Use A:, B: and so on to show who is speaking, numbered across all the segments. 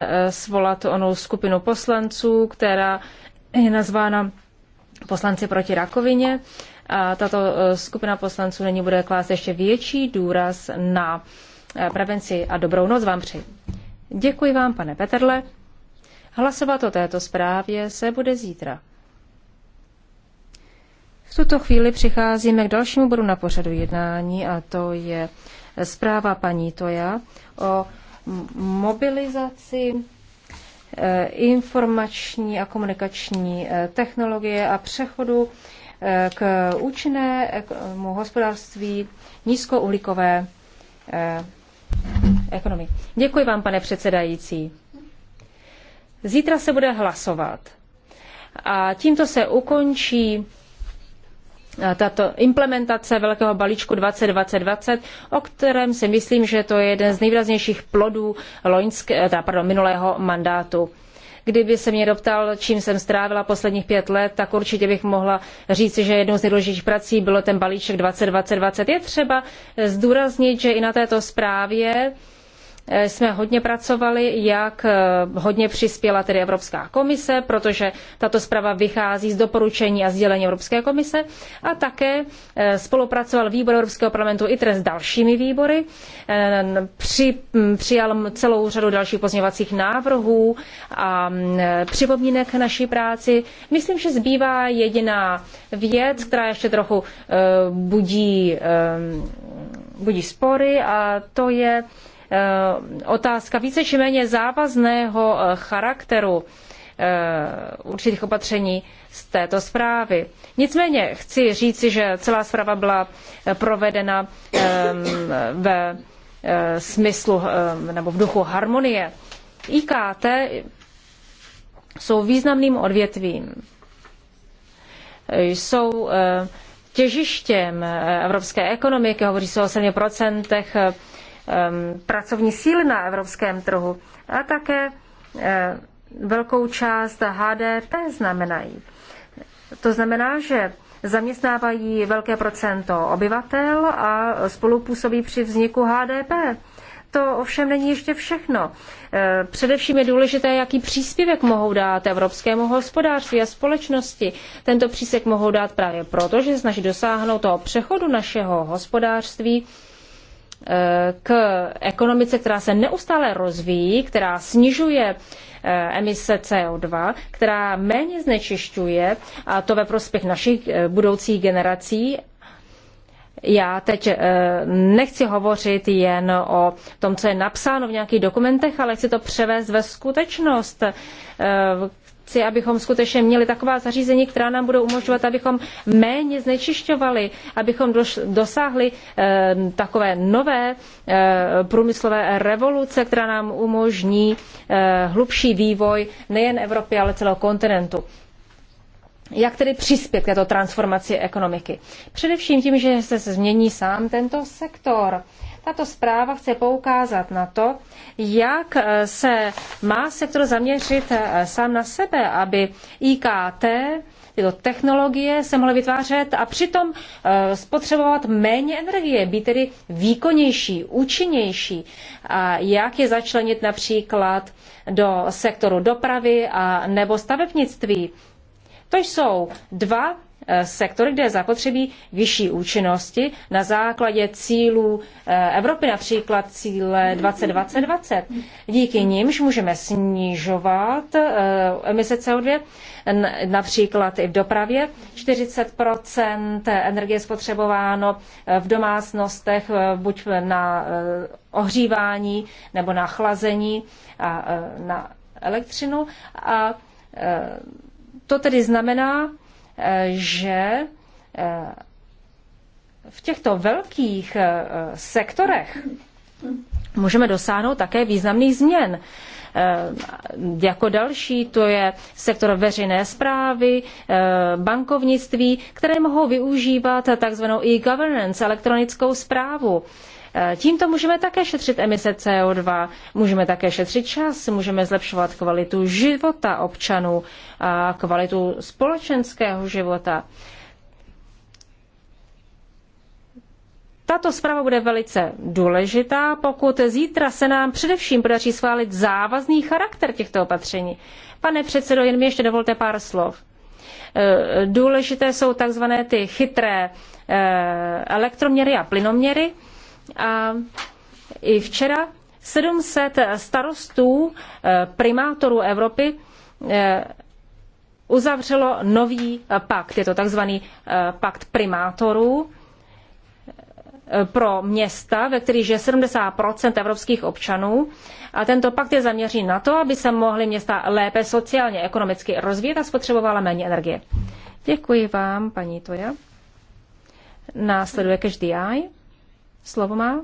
A: Eh, svolat onou skupinu poslanců, která je nazvána poslanci proti rakovině. A tato eh, skupina poslanců není bude klást ještě větší důraz na eh, prevenci a dobrou noc vám přeji. Děkuji vám, pane Petrle. Hlasovat o této zprávě se bude zítra. V tuto chvíli přicházíme k dalšímu bodu na pořadu jednání a to je zpráva paní Toja o mobilizaci, eh, informační a komunikační eh, technologie a přechodu eh, k účinnému hospodářství nízkouhlíkové ekonomii. Děkuji vám, pane předsedající. Zítra se bude hlasovat. A tímto se ukončí tato implementace velkého balíčku 2020 o kterém si myslím, že to je jeden z nejvýraznějších plodů loňské, eh, teda, pardon, minulého mandátu. Kdyby se mě doptal, čím jsem strávila posledních pět let, tak určitě bych mohla říct, že jednou z nejdůležitějších prací bylo ten balíček 2020-2020. Je třeba zdůraznit, že i na této zprávě Eh, jsme hodně pracovali, jak eh, hodně přispěla tedy Evropská komise, protože tato zpráva vychází z doporučení a sdělení Evropské komise a také eh, spolupracoval výbor Evropského parlamentu ITRE s dalšími výbory, při, hm, přijal celou řadu dalších pozměňovacích návrhů a hm, připomínek naší práci. Myslím, že zbývá jediná věc, která ještě trochu budí, budí spory a to je Eh, otázka více či méně závazného eh, charakteru eh, určitých opatření z této zprávy. Nicméně chci říci, že celá zpráva byla provedena ehm, ve smyslu ehm, nebo v duchu harmonie. IKT jsou významným odvětvím. Jsou těžištěm evropské ekonomiky, hovoří se o 7% Um, pracovní síly na evropském trhu a také uh, velkou část HDP znamenají. To znamená, že zaměstnávají velké procento obyvatel a spolupůsobí při vzniku HDP. To ovšem není ještě všechno. Uh, především je důležité, jaký příspěvek mohou dát evropskému hospodářství a společnosti. Tento přísek mohou dát právě proto, že snaží dosáhnout toho přechodu našeho hospodářství Eh, k ekonomice, která se neustále rozvíjí, která snižuje eh, emise CO2, která méně znečišťuje, a to ve prospěch našich eh, budoucích generací. Já teď nechci hovořit jen o tom, co je napsáno v nějakých dokumentech, ale chci to převést ve skutečnost, chci, abychom skutečně měli taková zařízení, která nám budou umožňovat, abychom méně znečišťovali, abychom dosáhli eh, takové nové eh, průmyslové revoluce, která nám umožní eh, hlubší vývoj nejen Evropy, ale celého kontinentu jak tedy přispět k této transformaci ekonomiky. Především tím, že se změní sám tento sektor. Tato zpráva chce poukázat na to, jak eh, se má sektor zaměřit eh, sám na sebe, aby IKT, tyto technologie se mohly vytvářet a přitom eh, spotřebovat méně energie, být tedy výkonnější, účinnější. A jak je začlenit například do sektoru dopravy a nebo stavebnictví to jsou dva eh, sektory, kde je zapotřebí vyšší účinnosti na základě cílů eh, Evropy, například cíle 2020 Díky nimž můžeme snižovat eh, emise CO2, například i v dopravě. 40 energie spotřebováno v domácnostech, buď na ohřívání nebo na chlazení a na elektřinu. A to tedy znamená, eh, že eh, v těchto velkých eh, sektorech můžeme dosáhnout také významných změn. Jako další to je sektor veřejné zprávy, bankovnictví, které mohou využívat takzvanou e-governance, elektronickou zprávu Eh, tímto můžeme také šetřit emise CO2, můžeme také šetřit čas, můžeme zlepšovat kvalitu života občanů a kvalitu společenského života. Tato zpráva bude velice důležitá, pokud zítra se nám především podaří schválit závazný charakter těchto opatření. Pane předsedo, jen mi ještě dovolte pár slov. Eh, důležité jsou takzvané ty chytré eh, elektroměry a plynoměry. A i včera 700 starostů eh, primátorů Evropy eh, uzavřelo nový eh, pakt. Je to takzvaný pakt primátorů pro města, ve kterých je 70 evropských občanů. A tento pakt je zaměřen na to, aby se mohly města lépe sociálně, ekonomicky rozvíjet a spotřebovala méně energie. Děkuji vám, paní Toja. Následuje každý eye. Slovo má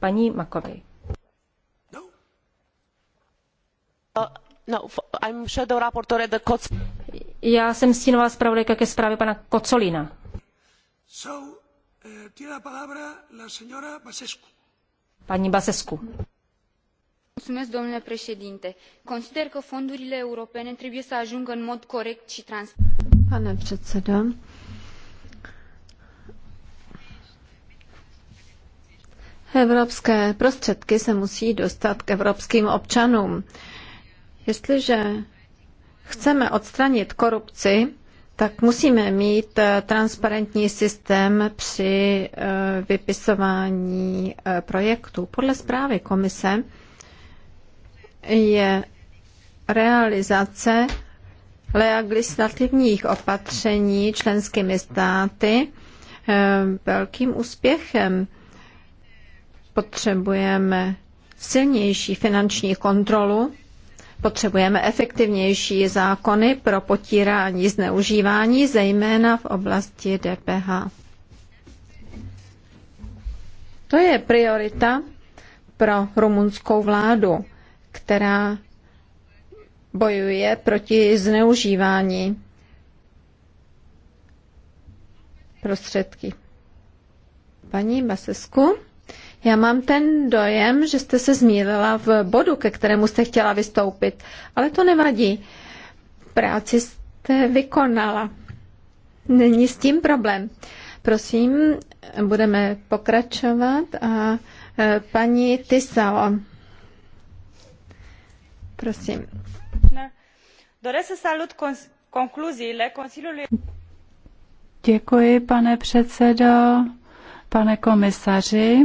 A: paní Makovej. No.
B: no rapporteur the
A: Já jsem stínová zpravodajka ke zprávě pana Kocolina. Eh, paní Basescu.
B: Mulțumesc, domnule președinte. Basescu. Paní consider că fondurile europene trebuie să ajungă în mod corect și transparent Evropské prostředky se musí dostat k evropským občanům. Jestliže chceme odstranit korupci, tak musíme mít eh, transparentní systém při eh, vypisování eh, projektů. Podle zprávy komise je realizace legislativních opatření členskými státy velkým úspěchem. Potřebujeme silnější finanční kontrolu, potřebujeme efektivnější zákony pro potírání zneužívání, zejména v oblasti DPH. To je priorita pro rumunskou vládu, která bojuje proti zneužívání prostředky. Paní Basesku. Já mám ten dojem, že jste se zmílila v bodu, ke kterému jste chtěla vystoupit, ale to nevadí. Práci jste vykonala. Není s tím problém. Prosím, budeme pokračovat a e, paní Tisao.
C: Prosím. salut Děkuji, pane předsedo, pane komisaři.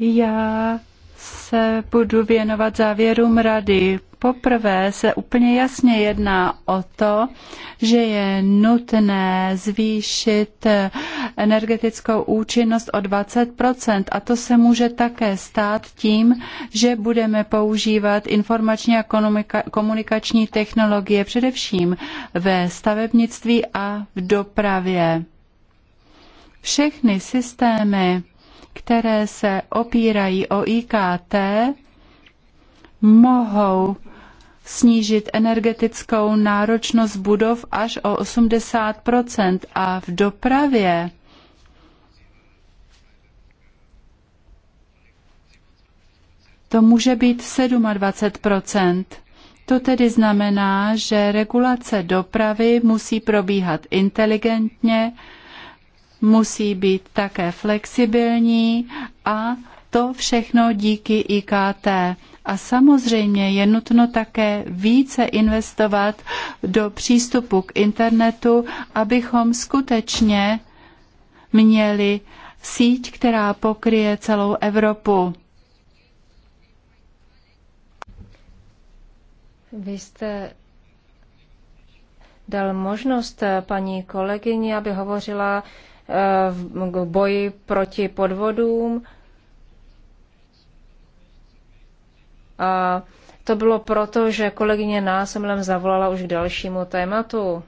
C: Já se budu věnovat závěrům rady. Poprvé se úplně jasně jedná o to, že je nutné zvýšit energetickou účinnost o 20 a to se může také stát tím, že budeme používat informační a komunikační technologie především ve stavebnictví a v dopravě. Všechny systémy které se opírají o IKT, mohou snížit energetickou náročnost budov až o 80 a v dopravě to může být 27 To tedy znamená, že regulace dopravy musí probíhat inteligentně, musí být také flexibilní a to všechno díky IKT. A samozřejmě je nutno také více investovat do přístupu k internetu, abychom skutečně měli síť, která pokryje celou Evropu. Vy jste
A: dal možnost paní kolegyni, aby hovořila Eh, v boji proti podvodům. A to bylo proto, že kolegyně násemlem zavolala už k dalšímu tématu.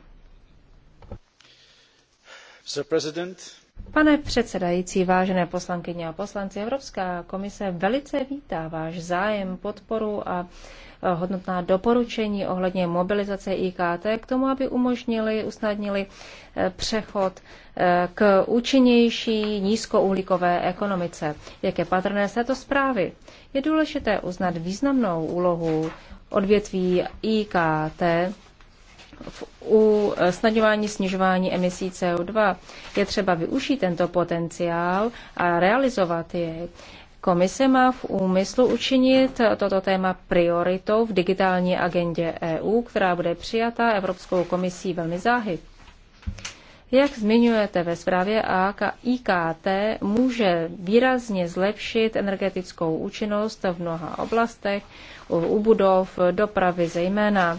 A: Pane předsedající, vážené poslankyně a poslanci, Evropská komise velice vítá váš zájem, podporu a hodnotná doporučení ohledně mobilizace IKT k tomu, aby umožnili, usnadnili eh, přechod eh, k účinnější nízkouhlíkové ekonomice. Jak je patrné z této zprávy, je důležité uznat významnou úlohu odvětví IKT v usnadňování eh, snižování emisí CO2. Je třeba využít tento potenciál a realizovat jej. Komise má v úmyslu učinit toto téma prioritou v digitální agendě EU, která bude přijata Evropskou komisí velmi záhy. Jak zmiňujete ve zprávě, IKT může výrazně zlepšit energetickou účinnost v mnoha oblastech, u budov, dopravy zejména.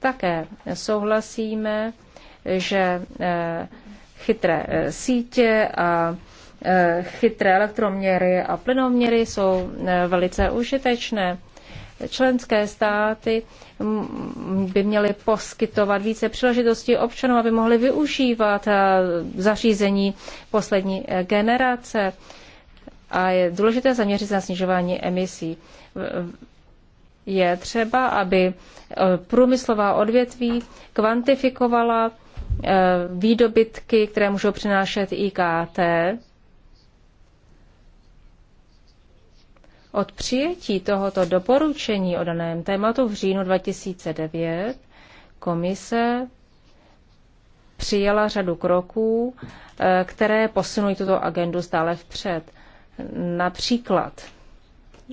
A: Také souhlasíme, že eh, chytré eh, sítě a Eh, chytré elektroměry a plynoměry jsou eh, velice užitečné. Členské státy mm, by měly poskytovat více příležitostí občanům, aby mohli využívat eh, zařízení poslední generace. A je důležité zaměřit se na snižování emisí. Je třeba, aby průmyslová odvětví kvantifikovala výdobytky, které můžou přinášet IKT, Od přijetí tohoto doporučení o daném tématu v říjnu 2009 komise přijela řadu kroků, eh, které posunují tuto agendu stále vpřed. Například,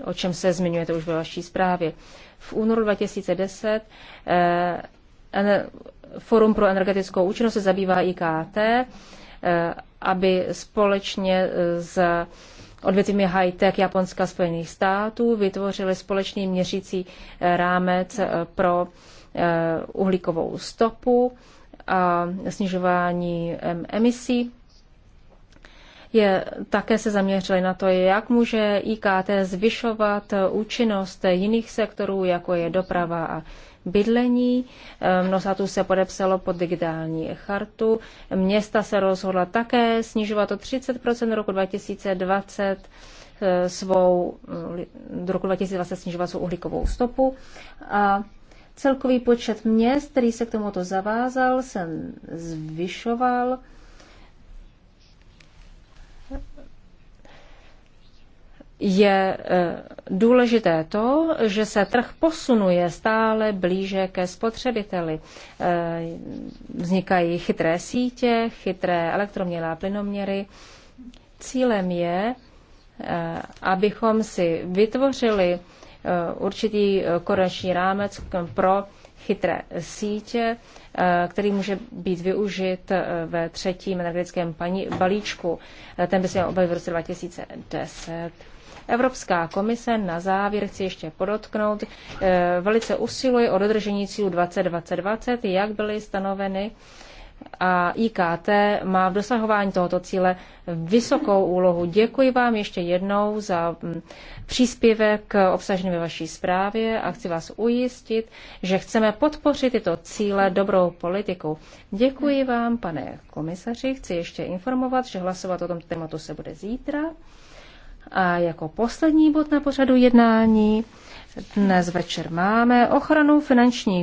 A: o čem se zmiňujete už ve vaší zprávě, v únoru 2010 eh, Forum pro energetickou účinnost se zabývá IKT, eh, aby společně s odvětvími high-tech Japonska a Spojených států vytvořili společný měřící eh, rámec eh, pro eh, uhlíkovou stopu a snižování emisí. Je, také se zaměřili na to, jak může IKT zvyšovat účinnost jiných sektorů, jako je doprava a bydlení. Eh, mnoho se podepsalo pod digitální chartu. Města se rozhodla také snižovat o 30 roku 2020 eh, svou, eh, do roku 2020 snižovat svou uhlíkovou stopu. A celkový počet měst, který se k tomuto zavázal, se zvyšoval je eh, důležité to, že se trh posunuje stále blíže ke spotřebiteli. Eh, vznikají chytré sítě, chytré elektroměry a plynoměry. Cílem je, eh, abychom si vytvořili určitý koreční rámec pro chytré sítě, který může být využit ve třetím energetickém balíčku. Ten by se měl objevit v roce 2010. Evropská komise na závěr chci ještě podotknout, eh, velice usiluje o dodržení cílu 2020, jak byly stanoveny a IKT má v dosahování tohoto cíle vysokou úlohu. Děkuji vám ještě jednou za mm, příspěvek obsažený ve vaší zprávě a chci vás ujistit, že chceme podpořit tyto cíle dobrou politikou. Děkuji vám, pane komisaři. Chci ještě informovat, že hlasovat o tomto tématu se bude zítra. A jako
C: poslední bod na pořadu jednání dnes večer máme ochranu finanční